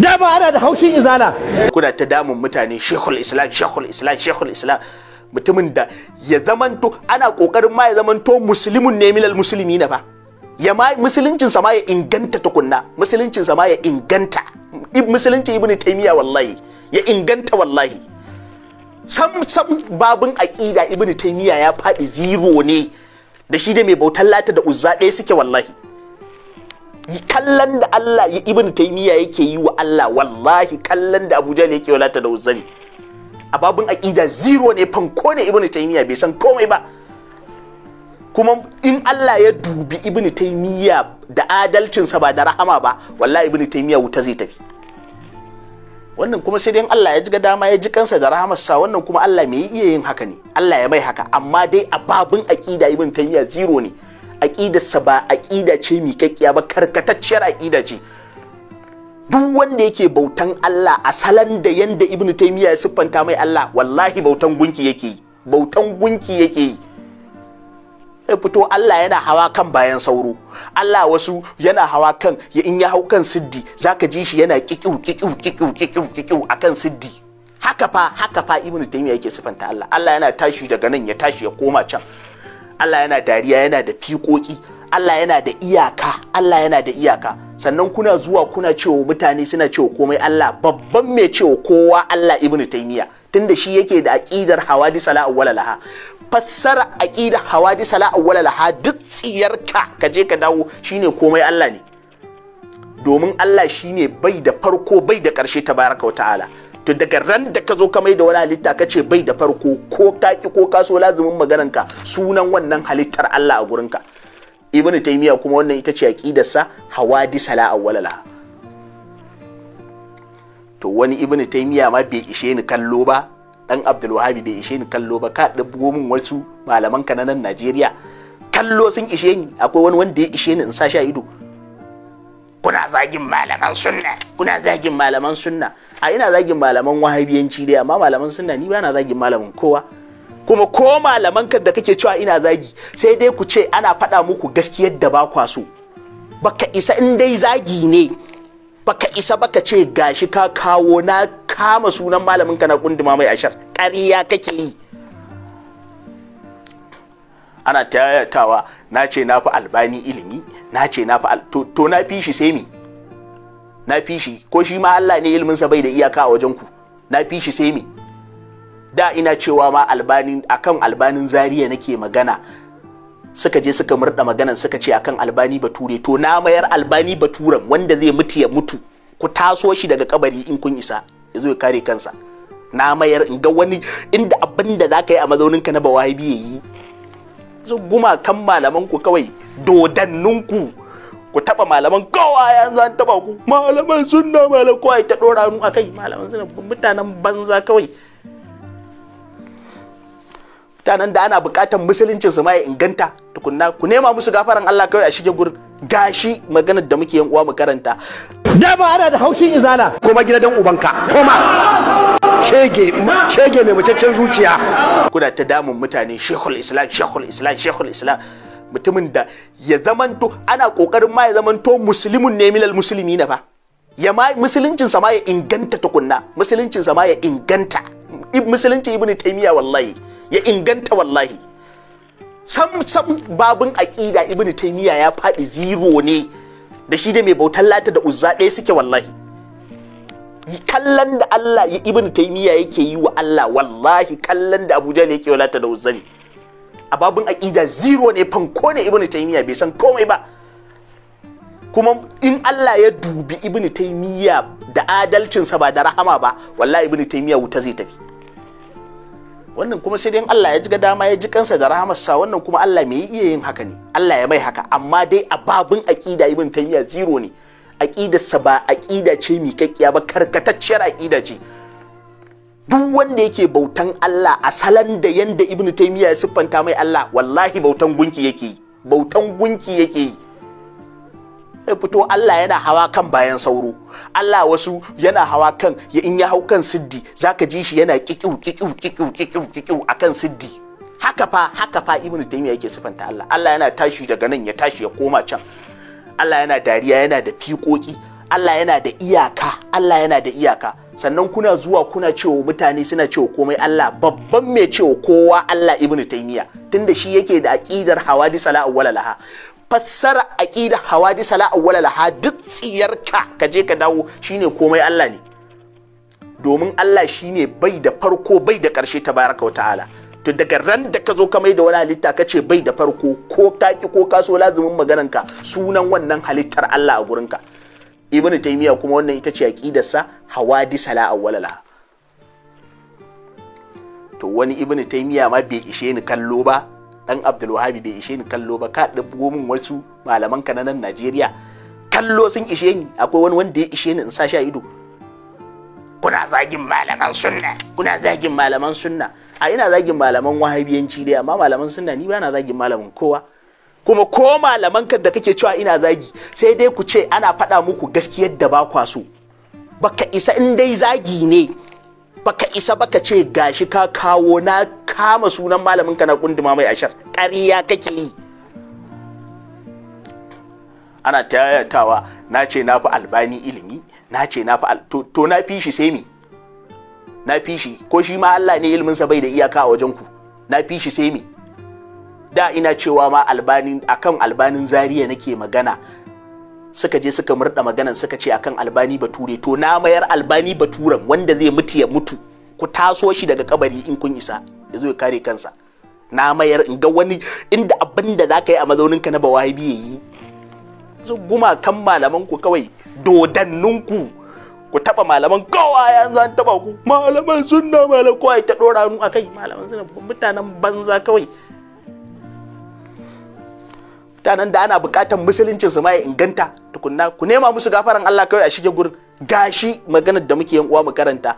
da ba ana da haushin izala kuna ta damun mutane shekul islam shekul islam shekul islam mutumin da ya zamanto ana kokarin ma ya zamanto musulmin ne milal musulmi na fa ya ma musuluncin ma ya inganta tukunna musuluncin ma ya inganta musulunci ibnu taymiya wallahi ya inganta wallahi sam sam babin aqida ibnu taymiya ya fadi zero ne da shi da mai bautar lata da uzza ɗaya suke wallahi kallon da Allah ya ibn taymiya yake yi wa Allah wallahi kallon da Abuja ne yake walata da uzani a babun aqida zero ne fanko ne ibn taymiya bai san komai ba kuma in Allah ya dubi ibn taymiya da adalcinsa ba da rahama ba wallahi ibn taymiya wuta zai tafi wannan kuma sai dai Allah ya ji dama ya ji kansa da rahamarsa wannan kuma Allah mai iya yin haka ne Allah ya mai haka amma dai a babin aqida ibn taymiya zero ne aƙidarsa ba aƙida ce kakkiya ba karkatacciyar aƙida ce duk wanda yake bautan Allah a salan da yanda ibnu taymiya ya siffanta mai Allah wallahi bautan gunki yake yi bautan gunki yake yi ya fito Allah yana hawa kan bayan sauro Allah wasu yana hawa kan ya in ya hau kan siddi zaka ji shi yana kikiu kikiu kikiu kikiu kikiu akan siddi haka fa haka fa ibnu taymiya yake siffanta Allah Allah yana tashi daga nan ya tashi ya koma can Allah yana dariya yana da fiƙoƙi Allah yana da iyaka Allah yana da iyaka sannan kuna zuwa kuna cewa mutane suna cewa komai Allah babban mai cewa kowa Allah ibnu taymiya tunda shi yake da aqidar hawadi sala awwala laha fassara aqidar hawadi sala awwala laha duk tsiyarka ka je ka dawo shine komai Allah ne domin Allah shine bai da farko bai da ƙarshe tabaraka wa ta'ala to daga ran da ka zo ka mai da wani halitta ka ce bai da farko ko ka ki ko ka so lazumin maganarka sunan wannan halittar Allah a gurinka ibn taymiya kuma wannan ita ce sa hawadisa la awwalala to wani ibn taymiya ma bai ishe ni kallo ba dan abdul wahabi bai ishe ni kallo ba ka dabbo min wasu malaman ka na nan Najeriya kallo sun ishe ni akwai wani wanda ya ishe ni in sa sha ido kuna zagin malaman sunna kuna zagin malaman sunna a ina zagin malaman wahabiyanci dai amma malaman sunna ni bana zagin malamin kowa kuma ko malaman kan da kake cewa ina zagi sai dai ku ce ana faɗa muku gaskiyar da ba kwa so baka isa in dai zagi ne baka isa baka ce gashi ka kawo na kama sunan malamin ka na kunduma mai ashar ƙarya kake yi ana tayatawa na ce na fi albani ilimi na ce na fi to na fi shi sai mi na fi shi ko shi ma Allah ne ilminsa bai da iyaka a wajen ku na fi shi sai mi da ina cewa ma albani akan albanin zariya nake magana suka je suka murda maganan suka ce akan albani bature to na mayar albani baturen wanda zai mutu ya mutu ku taso shi daga kabari in kun isa ya zo ya kare kansa na mayar in ga wani inda abin da za ka yi a mazauninka na bawahi ya yi su gumakan malaman ku kawai dodanninku ku taba malaman kowa ya zan taba ku malaman sunna malaman kowa ta dora hannu akai malaman sunna mutanen banza kawai mutanen da ana buƙatar musuluncin su ma ya inganta tukunna ku nema musu gafaran Allah kawai a shige gurin gashi maganar da muke yan uwa mu karanta da ba ana da haushin izala koma gida dan ubanka koma shege shege mai mutaccen zuciya kuna ta damun mutane shekul islam shekul islam shekul islam mutumin da ya zamanto ana kokarin ma ya zamanto musulmin ne milal musulmi na fa ya ma musuluncin sa ma ya inganta tukunna musuluncin sa ma ya inganta musuluncin ibnu taymiya wallahi ya inganta wallahi sam sam babin aƙida ibnu taymiya ya faɗi zero ne da shi da mai bautan lata da uzza ɗaya suke wallahi kallon da Allah ya ibnu taymiya yake yi wa Allah wallahi kallon da Abuja ne yake walata da uzza ne a babin aƙida zero ne fanko ne ibnu taymiya bai san komai ba kuma in Allah ya dubi ibnu taymiya da adalcinsa ba da rahama ba wallahi ibnu taymiya wuta zai tafi wannan kuma sai dai Allah ya ji dama ya ji kansa da rahamarsa wannan kuma Allah mai iya yin haka ne Allah ya mai haka amma dai a babin aqida ibn tayyiba zero ne aqidarsa ba aqida ce kakkiya ba karkatacciyar aqida ce duk wanda yake bautan Allah a salan da yanda ibn tayyiba ya siffanta mai Allah wallahi bautan gunki yake yi bautan gunki yake yi fito Allah yana hawa kan bayan sauro Allah wasu yana hawa kan in ya hau kan siddi zaka ji shi yana kikiu kikiu kikiu kikiu kikiu akan siddi haka fa haka fa ibnu taymiya yake sifanta Allah Allah yana tashi daga nan ya tashi ya koma can Allah yana dariya yana da fiƙoƙi Allah yana da iyaka Allah yana da iyaka sannan kuna zuwa kuna cewa mutane suna cewa komai Allah babban mai cewa kowa Allah ibnu taymiya tunda shi yake da aqidar hawadisa la awwala laha fassara aqida hawadisa la awwala laha duk tsiyarka ka je ka dawo shine komai Allah ne domin Allah shine bai da farko bai da karshe tabaraka wata ala. to daga ran da ka zo ka mai da wani halitta ka ce bai da farko ko ka ko ka so lazumin maganarka sunan wannan halittar Allah a gurinka ibnu taymiya kuma wannan ita ce aqidarsa hawadisa la awwala laha to wani ibnu taymiya ma bai ishe ni kallo ba dan abdul wahabi bai ishe ni kallo ba ka ɗabbo min wasu malaman ka na nan najeriya kallo sun ishe ni akwai wani wanda ya ishe ni in sa sha ido kuna zagin malaman sunna kuna zagin malaman sunna a ina zagin malaman wahabiyanci dai amma malaman sunna ni ba na zagin malamin kowa kuma ko malaman kan da kake cewa ina zagi sai dai ku ce ana faɗa muku gaskiyar da ba kwa so baka isa in dai zagi ne baka isa baka ce gashi ka kawo na kama sunan malamin ka na kunduma mai ashar ƙarya kake yi ana tayatawa na ce na fi albani ilimi na ce na fi to na fi shi sai na fi shi ko shi ma Allah ne ilminsa bai da iyaka a wajen ku na fi shi sai me da ina cewa ma albani akan albanin zariya nake magana suka je suka murda maganan suka ce akan albani bature to na mayar albani baturen wanda zai mutu ya mutu ku taso shi daga kabari in kun isa ya zo kare kansa na mayar in ga wani inda abin da za ka yi a mazauninka na bawahibi ya yi su gumakan malamanku kawai dodanninku ku taba malaman kowa ya zan taba ku malaman na malam kowa ta dora nu akai malaman mutanen banza kawai mutanen da ana bukatar musuluncin su ma ya inganta tukunna ku nema musu gafaran Allah kawai a shige gurin gashi maganar da muke yan uwa mu karanta